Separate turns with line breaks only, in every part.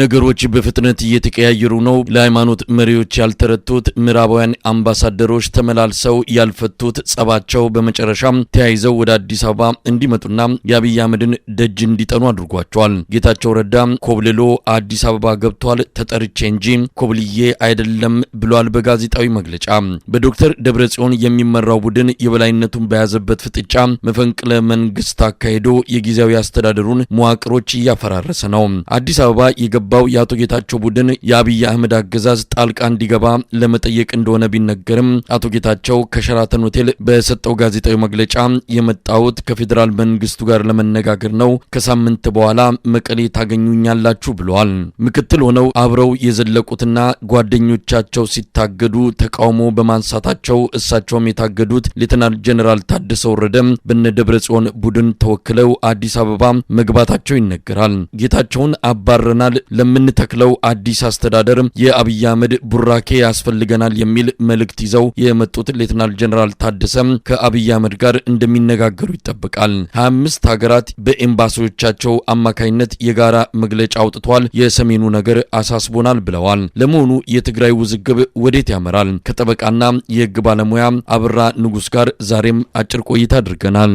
ነገሮች በፍጥነት እየተቀያየሩ ነው። ለሃይማኖት መሪዎች ያልተረቱት ምዕራባውያን አምባሳደሮች ተመላልሰው ያልፈቱት ጸባቸው በመጨረሻም ተያይዘው ወደ አዲስ አበባ እንዲመጡና የአብይ አህመድን ደጅ እንዲጠኑ አድርጓቸዋል። ጌታቸው ረዳ ኮብልሎ አዲስ አበባ ገብቷል፣ ተጠርቼ እንጂ ኮብልዬ አይደለም ብሏል በጋዜጣዊ መግለጫ። በዶክተር ደብረጽዮን የሚመራው ቡድን የበላይነቱን በያዘበት ፍጥጫ መፈንቅለ መንግስት አካሂዶ የጊዜያዊ አስተዳደሩን መዋቅሮች እያፈራረሰ ነው። አዲስ አበባ የገባው የአቶ ጌታቸው ቡድን የአብይ አህመድ አገዛዝ ጣልቃ እንዲገባ ለመጠየቅ እንደሆነ ቢነገርም አቶ ጌታቸው ከሸራተን ሆቴል በሰጠው ጋዜጣዊ መግለጫ የመጣሁት ከፌዴራል መንግስቱ ጋር ለመነጋገር ነው፣ ከሳምንት በኋላ መቀሌ ታገኙኛላችሁ ብለዋል። ምክትል ሆነው አብረው የዘለቁትና ጓደኞቻቸው ሲታገዱ ተቃውሞ በማንሳታቸው እሳቸውም የታገዱት ሌተናል ጀኔራል ታደሰ ወረደም በነ ደብረ ጽዮን ቡድን ተወክለው አዲስ አበባ መግባታቸው ይነገራል። ጌታቸውን አባረናል ለምንተክለው አዲስ አስተዳደር የአብይ አህመድ ቡራኬ ያስፈልገናል የሚል መልእክት ይዘው የመጡት ሌትናል ጀኔራል ታደሰም ከአብይ አህመድ ጋር እንደሚነጋገሩ ይጠበቃል። 25 ሀገራት በኤምባሲዎቻቸው አማካኝነት የጋራ መግለጫ አውጥቷል። የሰሜኑ ነገር አሳስቦናል ብለዋል። ለመሆኑ የትግራይ ውዝግብ ወዴት ያመራል? ከጠበቃና የህግ ባለሙያ አብራ ንጉስ ጋር ዛሬም አጭር ቆይታ አድርገናል።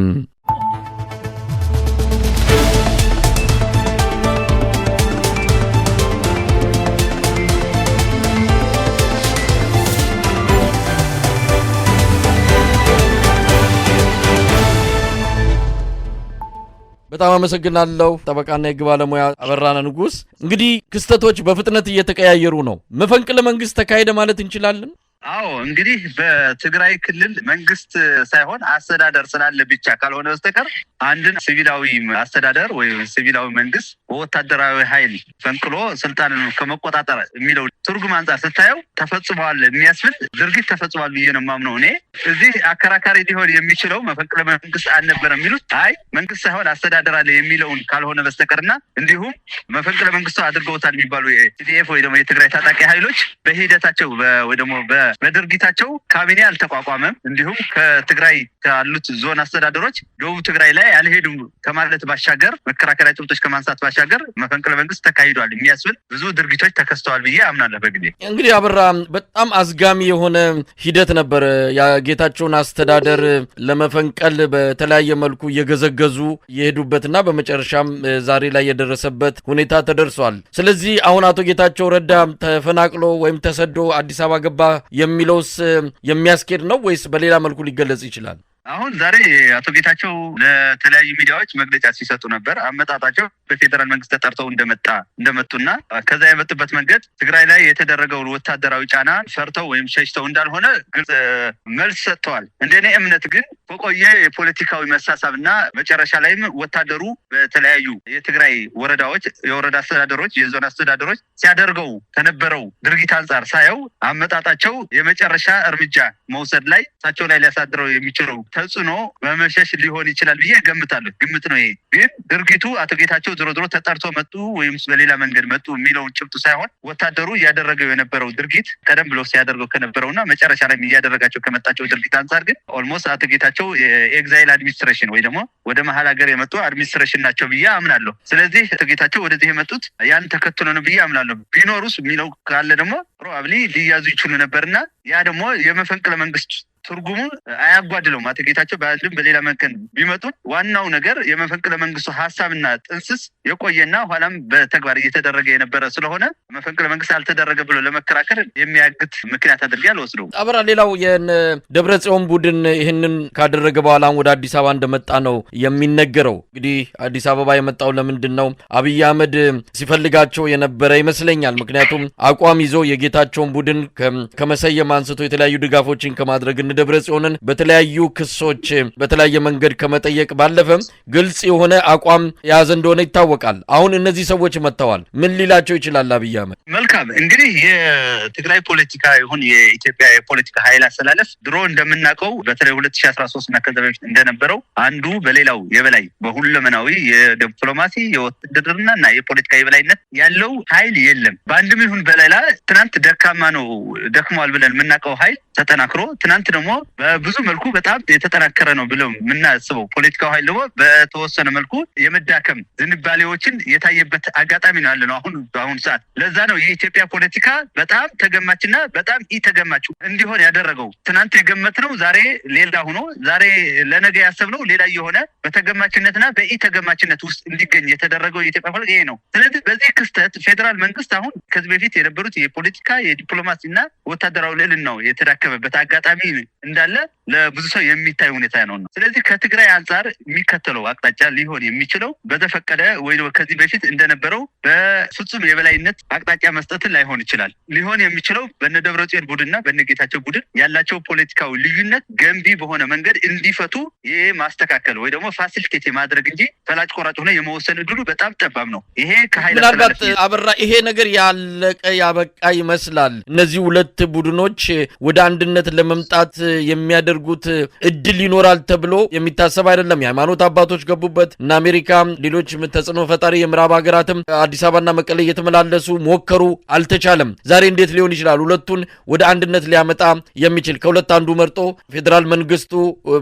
በጣም አመሰግናለሁ ጠበቃና የህግ ባለሙያ አበራነ ንጉስ። እንግዲህ ክስተቶች በፍጥነት እየተቀያየሩ ነው። መፈንቅለ መንግስት ተካሄደ ማለት እንችላለን?
አዎ እንግዲህ በትግራይ ክልል መንግስት ሳይሆን አስተዳደር ስላለ ብቻ ካልሆነ በስተቀር አንድን ሲቪላዊ አስተዳደር ወይም ሲቪላዊ መንግስት በወታደራዊ ኃይል ፈንቅሎ ስልጣንን ከመቆጣጠር የሚለው ትርጉም አንጻር ስታየው ተፈጽመዋል የሚያስብል ድርጊት ተፈጽሟል ብዬ ነው የማምነው። እኔ እዚህ አከራካሪ ሊሆን የሚችለው መፈንቅለ መንግስት አልነበረ የሚሉት አይ መንግስት ሳይሆን አስተዳደር አለ የሚለውን ካልሆነ በስተቀርና እንዲሁም መፈንቅለ መንግስቱ አድርገውታል የሚባሉ ቲዲኤፍ ወይ ደግሞ የትግራይ ታጣቂ ኃይሎች በሂደታቸው ወይ ደግሞ በድርጊታቸው ካቢኔ አልተቋቋመም፣ እንዲሁም ከትግራይ ካሉት ዞን አስተዳደሮች ደቡብ ትግራይ ላይ አልሄዱም ከማለት ባሻገር መከራከሪያ ጭብጦች ከማንሳት ባሻ ባሻገር መፈንቅለ መንግስት ተካሂዷል የሚያስብል ብዙ ድርጊቶች ተከስተዋል ብዬ አምናለሁ። በጊዜ
እንግዲህ አበራ፣ በጣም አዝጋሚ የሆነ ሂደት ነበር። የጌታቸውን አስተዳደር ለመፈንቀል በተለያየ መልኩ እየገዘገዙ የሄዱበትና በመጨረሻም ዛሬ ላይ የደረሰበት ሁኔታ ተደርሷል። ስለዚህ አሁን አቶ ጌታቸው ረዳ ተፈናቅሎ ወይም ተሰዶ አዲስ አበባ ገባ የሚለውስ የሚያስኬድ ነው ወይስ በሌላ መልኩ ሊገለጽ ይችላል?
አሁን ዛሬ አቶ ጌታቸው ለተለያዩ ሚዲያዎች መግለጫ ሲሰጡ ነበር። አመጣጣቸው በፌዴራል መንግስት ተጠርተው እንደመጣ እንደመጡና ከዛ የመጡበት መንገድ ትግራይ ላይ የተደረገውን ወታደራዊ ጫና ፈርተው ወይም ሸሽተው እንዳልሆነ ግልጽ መልስ ሰጥተዋል። እንደኔ እምነት ግን በቆየ የፖለቲካዊ መሳሳብ እና መጨረሻ ላይም ወታደሩ በተለያዩ የትግራይ ወረዳዎች፣ የወረዳ አስተዳደሮች፣ የዞን አስተዳደሮች ሲያደርገው ከነበረው ድርጊት አንጻር ሳየው አመጣጣቸው የመጨረሻ እርምጃ መውሰድ ላይ እሳቸው ላይ ሊያሳድረው የሚችለው ተጽዕኖ መመሸሽ ሊሆን ይችላል ብዬ ገምታለሁ። ግምት ነው ይሄ። ግን ድርጊቱ አቶ ጌታቸው ድሮ ድሮ ተጠርቶ መጡ ወይም በሌላ መንገድ መጡ የሚለውን ጭብጡ ሳይሆን ወታደሩ እያደረገው የነበረው ድርጊት ቀደም ብሎ ሲያደርገው ከነበረው እና መጨረሻ ላይ እያደረጋቸው ከመጣቸው ድርጊት አንጻር ግን ኦልሞስት አቶ ጌታቸው የኤግዛይል አድሚኒስትሬሽን ወይ ደግሞ ወደ መሀል ሀገር የመጡ አድሚኒስትሬሽን ናቸው ብዬ አምናለሁ። ስለዚህ አቶ ጌታቸው ወደዚህ የመጡት ያን ተከትሎ ነው ብዬ አምናለሁ። ቢኖሩስ የሚለው ካለ ደግሞ ፕሮባብሊ ሊያዙ ይችሉ ነበርና ያ ደግሞ የመፈንቅለ መንግስት ትርጉሙ አያጓድለውም። አቶ ጌታቸው በአድልም በሌላ መንከን ቢመጡ ዋናው ነገር የመፈንቅለ መንግስቱ ሀሳብና ጥንስስ የቆየና ኋላም በተግባር እየተደረገ የነበረ ስለሆነ መፈንቅለ መንግስት አልተደረገ ብሎ ለመከራከር የሚያግት ምክንያት አድርጌ አልወስደው።
አበራ፣ ሌላው ደብረ ጽዮን ቡድን ይህንን ካደረገ በኋላ ወደ አዲስ አበባ እንደመጣ ነው የሚነገረው። እንግዲህ አዲስ አበባ የመጣው ለምንድን ነው? አብይ አህመድ ሲፈልጋቸው የነበረ ይመስለኛል። ምክንያቱም አቋም ይዞ የጌታቸውን ቡድን ከመሰየም አንስቶ የተለያዩ ድጋፎችን ከማድረግ ደብረ ጽዮንን በተለያዩ ክሶች በተለያየ መንገድ ከመጠየቅ ባለፈ ግልጽ የሆነ አቋም የያዘ እንደሆነ ይታወቃል። አሁን እነዚህ ሰዎች መጥተዋል። ምን ሊላቸው ይችላል አብይ አህመድ?
መልካም እንግዲህ የትግራይ ፖለቲካ ይሁን የኢትዮጵያ የፖለቲካ ኃይል አሰላለፍ ድሮ እንደምናውቀው በተለይ ሁለት ሺ አስራ ሶስት እና በፊት እንደነበረው አንዱ በሌላው የበላይ በሁለመናዊ የዲፕሎማሲ የውትድርና እና የፖለቲካ የበላይነት ያለው ኃይል የለም። በአንድም ይሁን በሌላ ትናንት ደካማ ነው ደክመዋል ብለን የምናውቀው ኃይል ተጠናክሮ ትናንት ደግሞ ደግሞ በብዙ መልኩ በጣም የተጠናከረ ነው ብለው የምናስበው ፖለቲካው ኃይል ደግሞ በተወሰነ መልኩ የመዳከም ዝንባሌዎችን የታየበት አጋጣሚ ነው ያለ ነው አሁን በአሁኑ ሰዓት። ለዛ ነው የኢትዮጵያ ፖለቲካ በጣም ተገማችና በጣም ኢ ተገማች እንዲሆን ያደረገው። ትናንት የገመትነው ዛሬ ሌላ ሆኖ ዛሬ ለነገ ያሰብነው ሌላ የሆነ በተገማችነትና በኢተገማችነት ተገማችነት ውስጥ እንዲገኝ የተደረገው የኢትዮጵያ ፖለቲካ ይሄ ነው። ስለዚህ በዚህ ክስተት ፌዴራል መንግስት አሁን ከዚህ በፊት የነበሩት የፖለቲካ የዲፕሎማሲ ወታደራዊ ልዕልና ነው የተዳከመበት አጋጣሚ እንዳለ ለብዙ ሰው የሚታይ ሁኔታ ነው ነው። ስለዚህ ከትግራይ አንጻር የሚከተለው አቅጣጫ ሊሆን የሚችለው በተፈቀደ ወይ ከዚህ በፊት እንደነበረው በፍጹም የበላይነት አቅጣጫ መስጠትን ላይሆን ይችላል። ሊሆን የሚችለው በነ ደብረጽዮን ቡድንና በነ ጌታቸው ቡድን ያላቸው ፖለቲካዊ ልዩነት ገንቢ በሆነ መንገድ እንዲፈቱ ይሄ ማስተካከል ወይ ደግሞ ፋሲሊቴት የማድረግ እንጂ ፈላጭ ቆራጭ ሆነ የመወሰን እድሉ በጣም ጠባብ ነው። ይሄ
ምናልባት አበራ ይሄ ነገር ያለቀ ያበቃ ይመስላል። እነዚህ ሁለት ቡድኖች ወደ አንድነት ለመምጣት የሚያደ የሚያደርጉት እድል ይኖራል ተብሎ የሚታሰብ አይደለም። የሃይማኖት አባቶች ገቡበት እና አሜሪካ፣ ሌሎች ተጽዕኖ ፈጣሪ የምዕራብ ሀገራትም አዲስ አበባና መቀለ እየተመላለሱ ሞከሩ፣ አልተቻለም። ዛሬ እንዴት ሊሆን ይችላል? ሁለቱን ወደ አንድነት ሊያመጣ የሚችል ከሁለት አንዱ መርጦ ፌዴራል መንግስቱ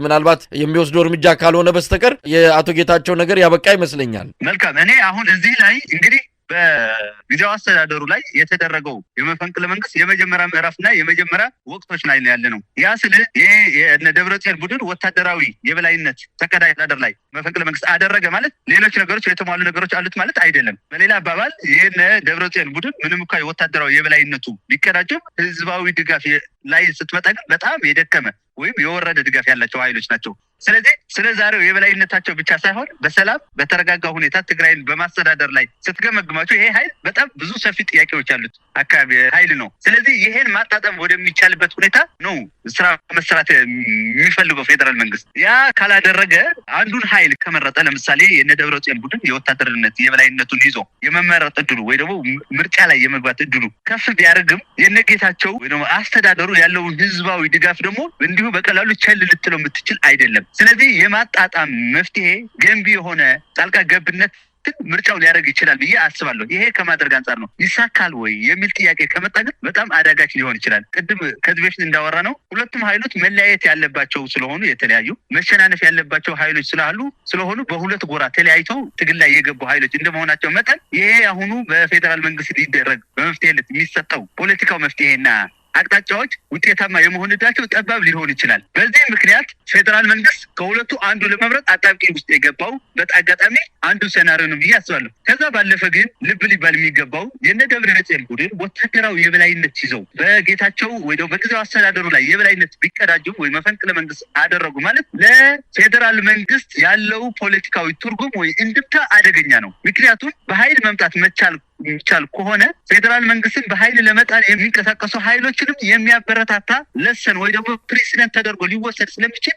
ምናልባት የሚወስደው እርምጃ ካልሆነ በስተቀር የአቶ ጌታቸው ነገር ያበቃ ይመስለኛል።
መልካም እኔ አሁን እዚህ ላይ እንግዲህ በጊዜው አስተዳደሩ ላይ የተደረገው የመፈንቅለ መንግስት የመጀመሪያ ምዕራፍና የመጀመሪያ ወቅቶች ላይ ነው ያለ ነው። ያ ስል ይህ የእነ ቡድን ወታደራዊ የበላይነት ተቀዳይ አስተዳደር ላይ መፈንቅለ መንግስት አደረገ ማለት ሌሎች ነገሮች የተሟሉ ነገሮች አሉት ማለት አይደለም። በሌላ አባባል ይህ ደብረጽዮን ቡድን ምንም እኳ ወታደራዊ የበላይነቱ ቢቀዳጅም ህዝባዊ ድጋፍ ላይ ስትመጣ ግን በጣም የደከመ ወይም የወረደ ድጋፍ ያላቸው ኃይሎች ናቸው። ስለዚህ ስለ ዛሬው የበላይነታቸው ብቻ ሳይሆን በሰላም በተረጋጋ ሁኔታ ትግራይን በማስተዳደር ላይ ስትገመግማቸው ይሄ ኃይል በጣም ብዙ ሰፊ ጥያቄዎች ያሉት አካባቢ ኃይል ነው። ስለዚህ ይሄን ማጣጠም ወደሚቻልበት ሁኔታ ነው ስራ መስራት የሚፈልገው ፌዴራል መንግስት። ያ ካላደረገ አንዱን ኃይል ከመረጠ ለምሳሌ የነ ደብረጽዮን ቡድን የወታደርነት የበላይነቱን ይዞ የመመረጥ እድሉ ወይ ደግሞ ምርጫ ላይ የመግባት እድሉ ከፍ ቢያደርግም የነጌታቸው ወይ ደግሞ አስተዳደሩ ያለውን ህዝባዊ ድጋፍ ደግሞ እንዲሁ በቀላሉ ቸል ልትለው የምትችል አይደለም። ስለዚህ የማጣጣም መፍትሄ ገንቢ የሆነ ጣልቃ ገብነት ምርጫው ሊያደርግ ይችላል ብዬ አስባለሁ። ይሄ ከማድረግ አንጻር ነው። ይሳካል ወይ የሚል ጥያቄ ከመጣ ግን በጣም አዳጋች ሊሆን ይችላል። ቅድም ከዚህ በፊት እንዳወራ ነው ሁለቱም ኃይሎች መለያየት ያለባቸው ስለሆኑ የተለያዩ መሸናነፍ ያለባቸው ኃይሎች ስላሉ ስለሆኑ በሁለት ጎራ ተለያይተው ትግል ላይ የገቡ ኃይሎች እንደመሆናቸው መጠን ይሄ አሁኑ በፌዴራል መንግስት ሊደረግ በመፍትሄነት የሚሰጠው ፖለቲካው መፍትሄና አቅጣጫዎች ውጤታማ የመሆን ዕድላቸው ጠባብ ሊሆን ይችላል። በዚህ ምክንያት ፌዴራል መንግስት ከሁለቱ አንዱ ለመምረጥ አጣብቂኝ ውስጥ የገባው በአጋጣሚ አንዱ ሴናሪ ነው ብዬ አስባለሁ። ከዛ ባለፈ ግን ልብ ሊባል የሚገባው የነ ደብረ ደብረጽዮን ቡድን ወታደራዊ የበላይነት ይዘው በጌታቸው ወይ ደግሞ በጊዜው አስተዳደሩ ላይ የበላይነት ቢቀዳጁም ወይ መፈንቅለ መንግስት አደረጉ ማለት ለፌዴራል መንግስት ያለው ፖለቲካዊ ትርጉም ወይ እንድምታ አደገኛ ነው። ምክንያቱም በሀይል መምጣት መቻል የሚቻል ከሆነ ፌዴራል መንግስትን በሀይል ለመጣል የሚንቀሳቀሱ ሀይሎችንም የሚያበረታታ ለሰን ወይ ደግሞ ፕሬዚደንት ተደርጎ ሊወሰድ ስለሚችል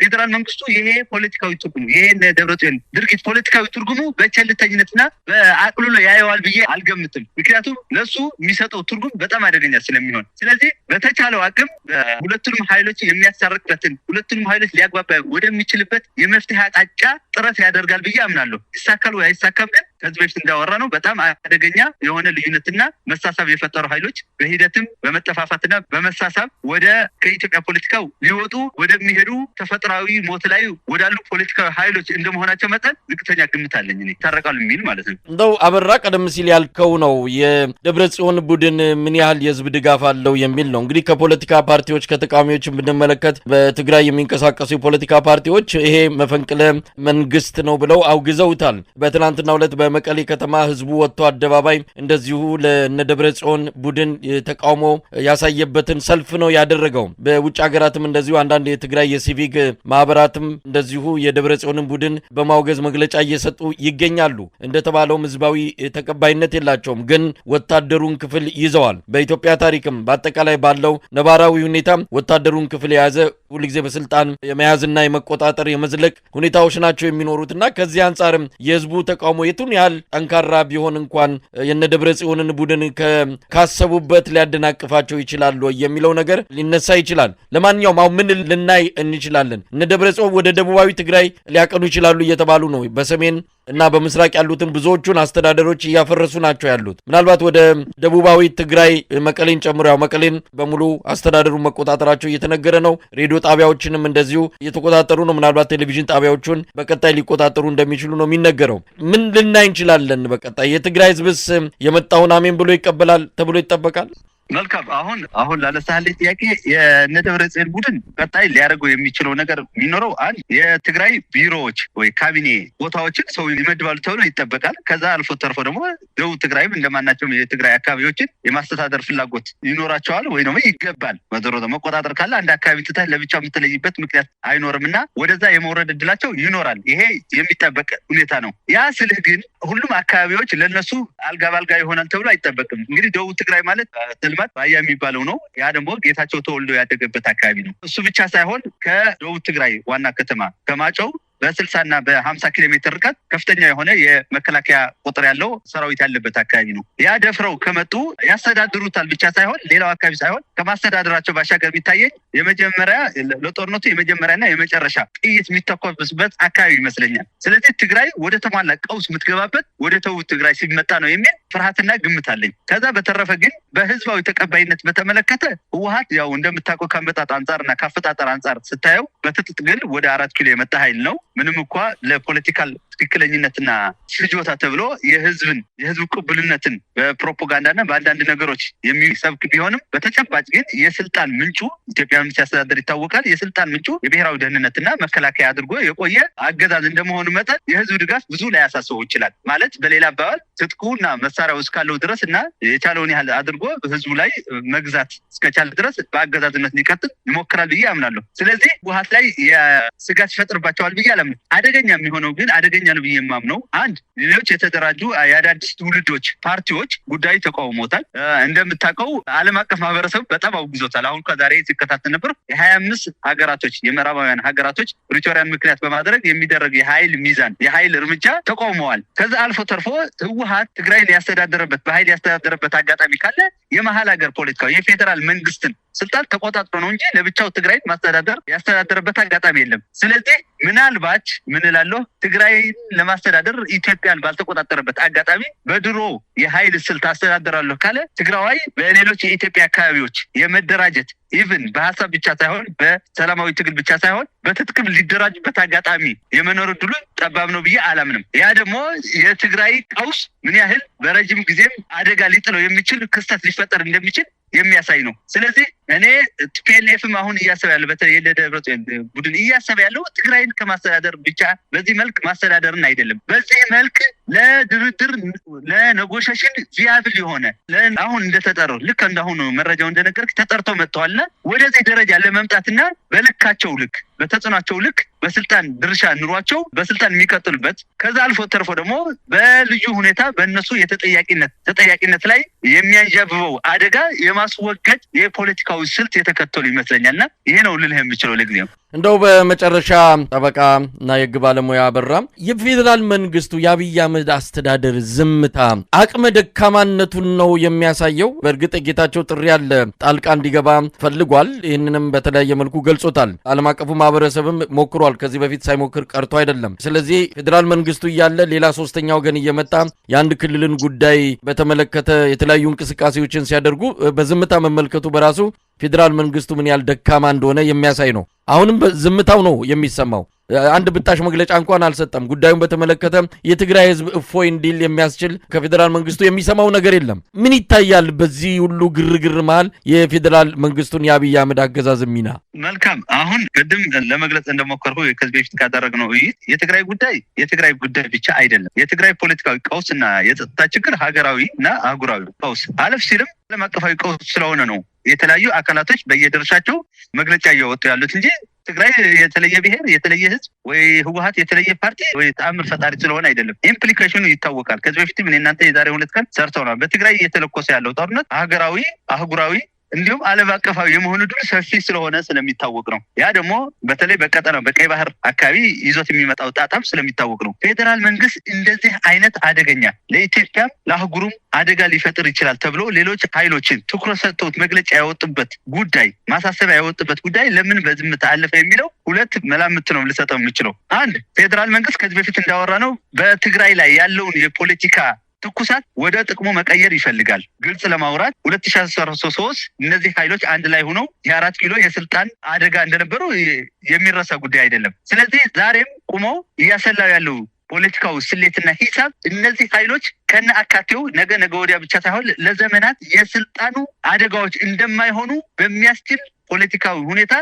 ፌዴራል መንግስቱ ይሄ ፖለቲካዊ ትርጉሙ ይሄ ደብረጽዮን ድርጊት ፖለቲካዊ ትርጉሙ በቸልተኝነትና በአቅልሎ ያየዋል ብዬ አልገምትም። ምክንያቱም ለሱ የሚሰጠው ትርጉም በጣም አደገኛ ስለሚሆን፣ ስለዚህ በተቻለው አቅም ሁለቱንም ኃይሎች የሚያሳርቅበትን ሁለቱንም ኃይሎች ሊያግባባ ወደሚችልበት የመፍትሄ አቅጣጫ ጥረት ያደርጋል ብዬ አምናለሁ። ይሳካል ወይ አይሳካም ግን ከዚህ በፊት እንዳወራ ነው በጣም አደገኛ የሆነ ልዩነትና መሳሳብ የፈጠሩ ኃይሎች በሂደትም በመጠፋፋትና በመሳሳብ ወደ ከኢትዮጵያ ፖለቲካው ሊወጡ ወደሚሄዱ ተፈጥሮ ፖለቲካዊ ሞት ላይ ወዳሉ ፖለቲካዊ ኃይሎች እንደመሆናቸው መጠን ዝቅተኛ ግምት አለኝ እኔ ይታረቃሉ የሚል ማለት ነው።
እንደው አበራ ቀደም ሲል ያልከው ነው የደብረ ጽዮን ቡድን ምን ያህል የህዝብ ድጋፍ አለው የሚል ነው። እንግዲህ ከፖለቲካ ፓርቲዎች ከተቃዋሚዎች ብንመለከት በትግራይ የሚንቀሳቀሱ የፖለቲካ ፓርቲዎች ይሄ መፈንቅለ መንግስት ነው ብለው አውግዘውታል። በትናንትናው ዕለት በመቀሌ ከተማ ህዝቡ ወጥቶ አደባባይ እንደዚሁ ለነደብረ ጽዮን ቡድን ተቃውሞ ያሳየበትን ሰልፍ ነው ያደረገው። በውጭ ሀገራትም እንደዚሁ አንዳንድ የትግራይ የሲቪክ ማህበራትም እንደዚሁ የደብረ ጽዮንን ቡድን በማውገዝ መግለጫ እየሰጡ ይገኛሉ። እንደተባለውም ህዝባዊ ተቀባይነት የላቸውም፣ ግን ወታደሩን ክፍል ይዘዋል። በኢትዮጵያ ታሪክም በአጠቃላይ ባለው ነባራዊ ሁኔታ ወታደሩን ክፍል የያዘ ሁልጊዜ በስልጣን የመያዝና የመቆጣጠር የመዝለቅ ሁኔታዎች ናቸው የሚኖሩትና ከዚህ አንጻርም የህዝቡ ተቃውሞ የቱን ያህል ጠንካራ ቢሆን እንኳን የነደብረ ጽዮንን ቡድን ካሰቡበት ሊያደናቅፋቸው ይችላሉ የሚለው ነገር ሊነሳ ይችላል። ለማንኛውም አሁን ምን ልናይ እንችላለን? እነ ደብረ ጽዮን ወደ ደቡባዊ ትግራይ ሊያቀኑ ይችላሉ እየተባሉ ነው። በሰሜን እና በምስራቅ ያሉትን ብዙዎቹን አስተዳደሮች እያፈረሱ ናቸው ያሉት። ምናልባት ወደ ደቡባዊ ትግራይ መቀሌን ጨምሮ ያው መቀሌን በሙሉ አስተዳደሩ መቆጣጠራቸው እየተነገረ ነው። ሬዲዮ ጣቢያዎችንም እንደዚሁ እየተቆጣጠሩ ነው። ምናልባት ቴሌቪዥን ጣቢያዎቹን በቀጣይ ሊቆጣጠሩ እንደሚችሉ ነው የሚነገረው። ምን ልናይ እንችላለን? በቀጣይ የትግራይ ህዝብስ የመጣውን አሜን ብሎ ይቀበላል ተብሎ ይጠበቃል።
መልካም አሁን አሁን ላነሳህልኝ ጥያቄ የነደብረ ደብረጽዮን ቡድን ቀጣይ ሊያደርገው የሚችለው ነገር የሚኖረው አንድ የትግራይ ቢሮዎች ወይ ካቢኔ ቦታዎችን ሰው ይመድባሉ ተብሎ ይጠበቃል። ከዛ አልፎ ተርፎ ደግሞ ደቡብ ትግራይም እንደማናቸውም የትግራይ አካባቢዎችን የማስተዳደር ፍላጎት ይኖራቸዋል ወይ ደግሞ ይገባል። በዞሮ ደግሞ መቆጣጠር ካለ አንድ አካባቢ ትተህ ለብቻ የምትለይበት ምክንያት አይኖርም እና ወደዛ የመውረድ እድላቸው ይኖራል። ይሄ የሚጠበቅ ሁኔታ ነው። ያ ስልህ ግን ሁሉም አካባቢዎች ለነሱ አልጋ ባልጋ ይሆናል ተብሎ አይጠበቅም። እንግዲህ ደቡብ ትግራይ ማለት ምናልባት ራያ የሚባለው ነው። ያ ደግሞ ጌታቸው ተወልዶ ያደገበት አካባቢ ነው። እሱ ብቻ ሳይሆን ከደቡብ ትግራይ ዋና ከተማ ከማጨው በስልሳ እና በሀምሳ ኪሎ ሜትር ርቀት ከፍተኛ የሆነ የመከላከያ ቁጥር ያለው ሰራዊት ያለበት አካባቢ ነው። ያ ደፍረው ከመጡ ያስተዳድሩታል ብቻ ሳይሆን ሌላው አካባቢ ሳይሆን ከማስተዳደራቸው ባሻገር የሚታየኝ የመጀመሪያ ለጦርነቱ የመጀመሪያና የመጨረሻ ጥይት የሚተኮስበት አካባቢ ይመስለኛል። ስለዚህ ትግራይ ወደ ተሟላ ቀውስ የምትገባበት ወደ ተው ትግራይ ሲመጣ ነው የሚል ፍርሃትና ግምት አለኝ። ከዛ በተረፈ ግን በህዝባዊ ተቀባይነት በተመለከተ ህወሀት ያው እንደምታውቀው ከመጣት አንጻርና ከአፈጣጠር አንጻር ስታየው በትጥቅ ግን ወደ አራት ኪሎ የመጣ ኃይል ነው። mais nous quoi les politiques ትክክለኝነትና ፍጆታ ተብሎ የህዝብን የህዝብ ቅቡልነትን በፕሮፓጋንዳና በአንዳንድ ነገሮች የሚሰብክ ቢሆንም በተጨባጭ ግን የስልጣን ምንጩ ኢትዮጵያን ሲያስተዳደር ይታወቃል። የስልጣን ምንጩ የብሔራዊ ደህንነትና መከላከያ አድርጎ የቆየ አገዛዝ እንደመሆኑ መጠን የህዝብ ድጋፍ ብዙ ላያሳስበው ይችላል። ማለት በሌላ አባባል ትጥቁና መሳሪያው እስካለው ድረስ እና የቻለውን ያህል አድርጎ ህዝቡ ላይ መግዛት እስከቻለ ድረስ በአገዛዝነት ሊቀጥል ይሞክራል ብዬ አምናለሁ። ስለዚህ ውሀት ላይ ስጋት ይፈጥርባቸዋል ብዬ አላምንም። አደገኛ የሚሆነው ግን አደገኛ ያስገኛል ብዬ የማምነው አንድ ሌሎች የተደራጁ የአዳዲስ ትውልዶች ፓርቲዎች ጉዳዩ ተቃውሞታል። እንደምታውቀው ዓለም አቀፍ ማህበረሰብ በጣም አውግዞታል። አሁን ከዛሬ ሲከታተል ነበር። የሀያ አምስት ሀገራቶች የምዕራባውያን ሀገራቶች ፕሪቶሪያን ምክንያት በማድረግ የሚደረግ የሀይል ሚዛን የሀይል እርምጃ ተቃውመዋል። ከዛ አልፎ ተርፎ ህወሀት ትግራይን ያስተዳደረበት በሀይል ያስተዳደረበት አጋጣሚ ካለ የመሀል ሀገር ፖለቲካ የፌዴራል መንግስትን ስልጣን ተቆጣጥሮ ነው እንጂ ለብቻው ትግራይ ማስተዳደር ያስተዳደረበት አጋጣሚ የለም። ስለዚህ ምናልባት ምን እላለሁ ትግራይን ለማስተዳደር ኢትዮጵያን ባልተቆጣጠረበት አጋጣሚ በድሮ የኃይል ስልት አስተዳደራለሁ ካለ ትግራዋይ በሌሎች የኢትዮጵያ አካባቢዎች የመደራጀት ኢቭን በሀሳብ ብቻ ሳይሆን በሰላማዊ ትግል ብቻ ሳይሆን በትጥቅም ሊደራጅበት አጋጣሚ የመኖር እድሉ ጠባብ ነው ብዬ አላምንም። ያ ደግሞ የትግራይ ቀውስ ምን ያህል በረጅም ጊዜም አደጋ ሊጥለው የሚችል ክስተት ሊፈጠር እንደሚችል የሚያሳይ ነው። ስለዚህ እኔ ቲፒኤልኤፍም አሁን እያሰብ ያለው በተለይ ለደብረጽዮን ቡድን እያሰብ ያለው ትግራይን ከማስተዳደር ብቻ በዚህ መልክ ማስተዳደርን አይደለም። በዚህ መልክ ለድርድር ለነጎሸሽን ቪያብል የሆነ አሁን እንደተጠረው ልክ እንዳሁኑ መረጃው እንደነገር ተጠርቶ መጥተዋልና ወደዚህ ደረጃ ለመምጣትና በልካቸው ልክ በተጽዕኗቸው ልክ በስልጣን ድርሻ ኑሯቸው በስልጣን የሚቀጥሉበት ከዛ አልፎ ተርፎ ደግሞ በልዩ ሁኔታ በእነሱ የተጠያቂነት ተጠያቂነት ላይ የሚያንዣብበው አደጋ የማስወገድ የፖለቲካ ፖለቲካዊ ስልት የተከተሉ ይመስለኛል እና ይሄ ነው ልልህ የምችለው ለጊዜው
እንደው በመጨረሻ ጠበቃ እና የሕግ ባለሙያ አበራ የፌዴራል መንግስቱ የአብይ አህመድ አስተዳደር ዝምታ አቅመ ደካማነቱን ነው የሚያሳየው። በእርግጥ ጌታቸው ጥሪ ያለ ጣልቃ እንዲገባ ፈልጓል። ይህንንም በተለያየ መልኩ ገልጾታል። ዓለም አቀፉ ማህበረሰብም ሞክሯል። ከዚህ በፊት ሳይሞክር ቀርቶ አይደለም። ስለዚህ ፌዴራል መንግስቱ እያለ ሌላ ሶስተኛ ወገን እየመጣ የአንድ ክልልን ጉዳይ በተመለከተ የተለያዩ እንቅስቃሴዎችን ሲያደርጉ በዝምታ መመልከቱ በራሱ ፌዴራል መንግስቱ ምን ያህል ደካማ እንደሆነ የሚያሳይ ነው። አሁንም ዝምታው ነው የሚሰማው። አንድ ብጣሽ መግለጫ እንኳን አልሰጠም። ጉዳዩን በተመለከተ የትግራይ ህዝብ እፎይ እንዲል የሚያስችል ከፌዴራል መንግስቱ የሚሰማው ነገር የለም። ምን ይታያል? በዚህ ሁሉ ግርግር መሃል የፌዴራል መንግስቱን የአብይ አህመድ አገዛዝ ሚና።
መልካም አሁን ቅድም ለመግለጽ እንደሞከርኩ ከዚህ በፊት ካደረግነው ውይይት የትግራይ ጉዳይ የትግራይ ጉዳይ ብቻ አይደለም። የትግራይ ፖለቲካዊ ቀውስ እና የጸጥታ ችግር ሀገራዊ እና አህጉራዊ ቀውስ አለፍ ሲልም ዓለም አቀፋዊ ቀውስ ስለሆነ ነው የተለያዩ አካላቶች በየደረሻቸው መግለጫ እያወጡ ያሉት እንጂ ትግራይ የተለየ ብሔር፣ የተለየ ህዝብ ወይ ህወሀት የተለየ ፓርቲ ወይ ተአምር ፈጣሪ ስለሆነ አይደለም። ኢምፕሊኬሽኑ ይታወቃል። ከዚህ በፊትም እናንተ የዛሬ ሁለት ቀን ሰርተውናል። በትግራይ እየተለኮሰ ያለው ጦርነት ሀገራዊ፣ አህጉራዊ እንዲሁም አለም አቀፋዊ የመሆኑ ድር ሰፊ ስለሆነ ስለሚታወቅ ነው። ያ ደግሞ በተለይ በቀጠና በቀይ ባህር አካባቢ ይዞት የሚመጣው ጣጣም ስለሚታወቅ ነው። ፌዴራል መንግስት እንደዚህ አይነት አደገኛ ለኢትዮጵያም ለአህጉሩም አደጋ ሊፈጥር ይችላል ተብሎ ሌሎች ኃይሎችን ትኩረት ሰጥተውት መግለጫ ያወጡበት ጉዳይ ማሳሰቢያ ያወጡበት ጉዳይ ለምን በዝምታ አለፈ የሚለው ሁለት መላምት ነው ልሰጠው የምችለው። አንድ ፌዴራል መንግስት ከዚህ በፊት እንዳወራ ነው በትግራይ ላይ ያለውን የፖለቲካ ትኩሳት ወደ ጥቅሙ መቀየር ይፈልጋል። ግልጽ ለማውራት ሁለት ሺ አስራ ሶስት እነዚህ ኃይሎች አንድ ላይ ሆነው የአራት ኪሎ የስልጣን አደጋ እንደነበሩ የሚረሳ ጉዳይ አይደለም። ስለዚህ ዛሬም ቁመው እያሰላው ያለው ፖለቲካው ስሌትና ሂሳብ እነዚህ ኃይሎች ከነ አካቴው ነገ ነገ ወዲያ ብቻ ሳይሆን ለዘመናት የስልጣኑ አደጋዎች እንደማይሆኑ በሚያስችል ፖለቲካዊ ሁኔታ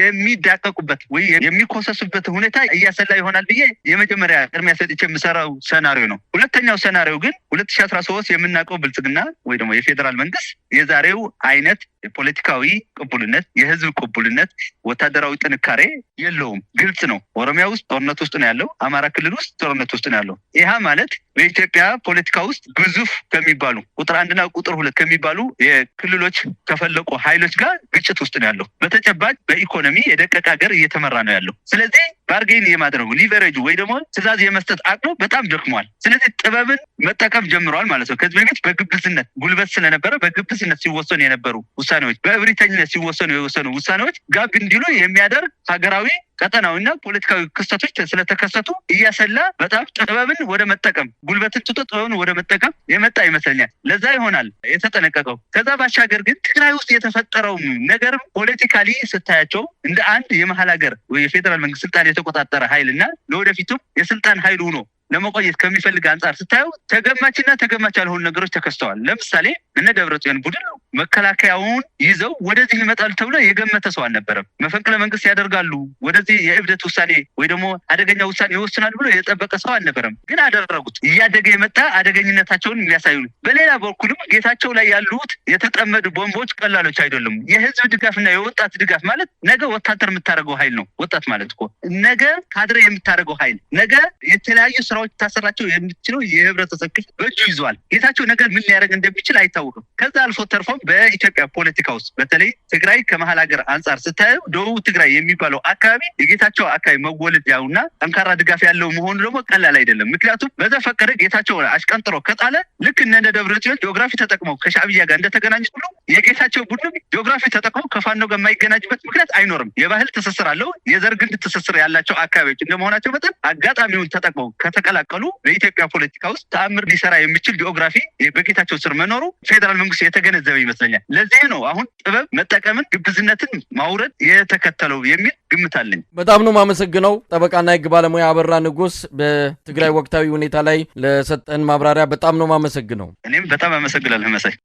የሚዳቀቁበት ወይ የሚኮሰሱበት ሁኔታ እያሰላ ይሆናል ብዬ የመጀመሪያ ቅድሚያ ሰጥቼ የምሰራው ሴናሪዮ ነው። ሁለተኛው ሴናሪዮ ግን ሁለት ሺ አስራ ሶስት የምናውቀው ብልጽግና ወይ ደግሞ የፌዴራል መንግስት የዛሬው አይነት የፖለቲካዊ ቅቡልነት፣ የህዝብ ቅቡልነት፣ ወታደራዊ ጥንካሬ የለውም። ግልጽ ነው። ኦሮሚያ ውስጥ ጦርነት ውስጥ ነው ያለው። አማራ ክልል ውስጥ ጦርነት ውስጥ ነው ያለው። ይህ ማለት በኢትዮጵያ ፖለቲካ ውስጥ ግዙፍ ከሚባሉ ቁጥር አንድና ቁጥር ሁለት ከሚባሉ የክልሎች ከፈለቁ ኃይሎች ጋር ግጭት ውስጥ ነው ያለው በተጨባጭ በኢኮኖሚ የደቀቀ ሀገር እየተመራ ነው ያለው። ስለዚህ ባርጌን የማድረጉ ሊቨሬጅ ወይ ደግሞ ትእዛዝ የመስጠት አቅሙ በጣም ደክሟል። ስለዚህ ጥበብን መጠቀም ጀምረዋል ማለት ነው። ከዚህ በፊት በግብዝነት ጉልበት ስለነበረ በግብዝነት ሲወሰኑ የነበሩ ውሳኔዎች፣ በእብሪተኝነት ሲወሰኑ የወሰኑ ውሳኔዎች ጋብ እንዲሉ የሚያደርግ ሀገራዊ ቀጠናዊና ፖለቲካዊ ክስተቶች ስለተከሰቱ እያሰላ በጣም ጥበብን ወደ መጠቀም ጉልበትን ትቶ ጥበብን ወደ መጠቀም የመጣ ይመስለኛል። ለዛ ይሆናል የተጠነቀቀው። ከዛ ባሻገር ግን ትግራይ ውስጥ የተፈጠረው ነገርም ፖለቲካሊ ስታያቸው እንደ አንድ የመሀል ሀገር የፌዴራል መንግስት ስልጣን የተቆጣጠረ ኃይል እና ለወደፊቱም የስልጣን ኃይል ሆኖ ለመቆየት ከሚፈልግ አንጻር ስታየው ተገማችና ተገማች ያልሆኑ ነገሮች ተከስተዋል። ለምሳሌ እነ ደብረጽዮን ቡድን መከላከያውን ይዘው ወደዚህ ይመጣሉ ተብሎ የገመተ ሰው አልነበረም። መፈንቅለ መንግስት ያደርጋሉ፣ ወደዚህ የእብደት ውሳኔ ወይ ደግሞ አደገኛ ውሳኔ ይወስናል ብሎ የጠበቀ ሰው አልነበረም። ግን አደረጉት። እያደገ የመጣ አደገኝነታቸውን የሚያሳዩ በሌላ በኩልም ጌታቸው ላይ ያሉት የተጠመዱ ቦምቦች ቀላሎች አይደሉም። የህዝብ ድጋፍና የወጣት ድጋፍ ማለት ነገ ወታደር የምታደርገው ኃይል ነው። ወጣት ማለት እኮ ነገ ካድሬ የምታደርገው ኃይል ነገ የተለያዩ ስራዎች ታሰራቸው የምትችለው የህብረተሰብ ክፍል በእጁ ይዘዋል። ጌታቸው ነገር ምን ሊያደርግ እንደሚችል አይታወቅም። ከዛ አልፎ ተርፎ አሁን በኢትዮጵያ ፖለቲካ ውስጥ በተለይ ትግራይ ከመሀል ሀገር አንጻር ስታየው ደቡብ ትግራይ የሚባለው አካባቢ የጌታቸው አካባቢ መወለጃውና ጠንካራ ድጋፍ ያለው መሆኑ ደግሞ ቀላል አይደለም። ምክንያቱም በዘፈቀደ ጌታቸው አሽቀንጥሮ ከጣለ ልክ እነ ደብረ ጽዮን ጂኦግራፊ ተጠቅመው ከሻዕብያ ጋር እንደተገናኙ ሁሉ የጌታቸው ቡድን ጂኦግራፊ ተጠቅመው ከፋኖ ጋር የማይገናጅበት ምክንያት አይኖርም። የባህል ትስስር አለው። የዘር ግንድ ትስስር ያላቸው አካባቢዎች እንደመሆናቸው መጠን አጋጣሚውን ተጠቅመው ከተቀላቀሉ በኢትዮጵያ ፖለቲካ ውስጥ ተአምር ሊሰራ የሚችል ጂኦግራፊ በጌታቸው ስር መኖሩ ፌዴራል መንግስት የተገነዘበ ይመስለኛል። ለዚህ ነው አሁን ጥበብ መጠቀምን ግብዝነትን ማውረድ የተከተለው የሚል ግምት አለኝ።
በጣም ነው የማመሰግነው ጠበቃና የህግ ባለሙያ አበራ ንጉስ በትግራይ ወቅታዊ ሁኔታ ላይ ለሰጠን ማብራሪያ በጣም ነው የማመሰግነው።
እኔም በጣም አመሰግናለሁ መሳይ።